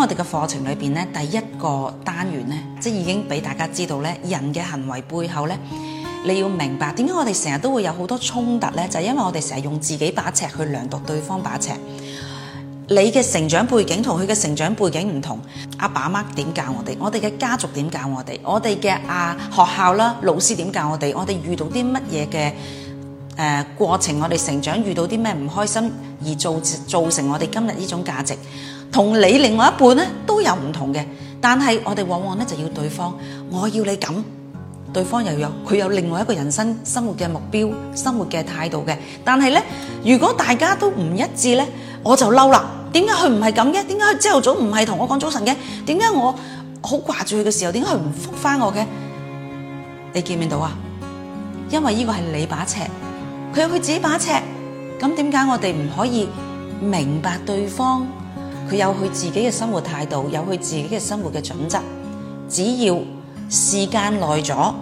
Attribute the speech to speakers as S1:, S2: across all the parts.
S1: 我哋嘅課程裏邊咧，第一個單元咧，即已經俾大家知道咧，人嘅行為背後咧，你要明白點解我哋成日都會有好多衝突咧，就係因為我哋成日用自己把尺去量度對方把尺。你嘅成長背景同佢嘅成長背景唔同，阿爸阿媽點教我哋，我哋嘅家族點教我哋，我哋嘅啊學校啦，老師點教我哋，我哋遇到啲乜嘢嘅。誒、呃，過程我哋成長遇到啲咩唔開心，而造造成我哋今日呢種價值，同你另外一半呢都有唔同嘅。但係我哋往往呢，就要對方，我要你咁，對方又有佢有另外一個人生生活嘅目標、生活嘅態度嘅。但係呢，如果大家都唔一致呢，我就嬲啦。點解佢唔係咁嘅？點解佢朝頭早唔係同我講早晨嘅？點解我好掛住佢嘅時候，點解佢唔覆翻我嘅？你見唔見到啊？因為呢個係你把尺。佢有佢自己把尺，咁點解我哋唔可以明白對方？佢有佢自己嘅生活態度，有佢自己嘅生活嘅準則。只要時間耐咗，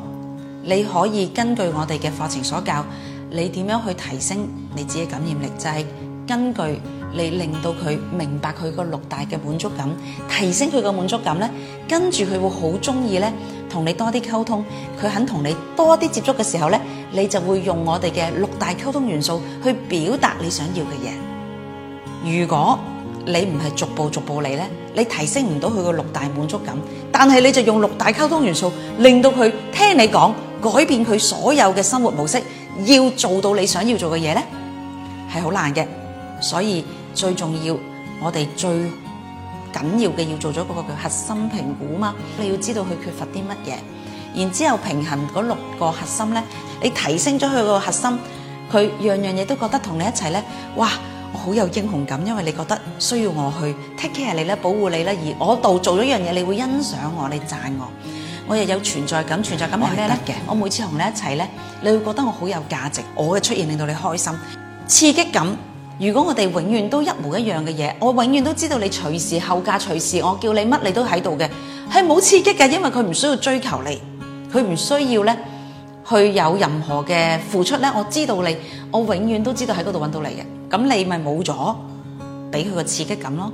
S1: 你可以根據我哋嘅課程所教，你點樣去提升你自己嘅感染力？就係根據你令到佢明白佢個六大嘅滿足感，提升佢個滿足感呢，跟住佢會好中意呢，同你多啲溝通，佢肯同你多啲接觸嘅時候呢。你就會用我哋嘅六大溝通元素去表達你想要嘅嘢。如果你唔係逐步逐步嚟咧，你提升唔到佢嘅六大滿足感，但係你就用六大溝通元素令到佢聽你講，改變佢所有嘅生活模式，要做到你想要做嘅嘢咧，係好難嘅。所以最重要，我哋最緊要嘅要做咗嗰個叫核心評估啊嘛，你要知道佢缺乏啲乜嘢。然之後平衡嗰六個核心咧，你提升咗佢個核心，佢樣樣嘢都覺得同你一齊咧，哇！我好有英雄感，因為你覺得需要我去 take care 你咧，保護你咧，而我度做咗一樣嘢，你會欣賞我，你讚我，我又有存在感，存在感係咩咧？嘅我，我每次同你一齊咧，你會覺得我好有價值，我嘅出現令到你開心，刺激感。如果我哋永遠都一模一樣嘅嘢，我永遠都知道你隨時后嫁隨時，我叫你乜你都喺度嘅，係冇刺激嘅，因為佢唔需要追求你。佢唔需要咧，去有任何嘅付出咧。我知道你，我永遠都知道喺度揾到你嘅。咁你咪冇咗，俾佢個刺激感咯。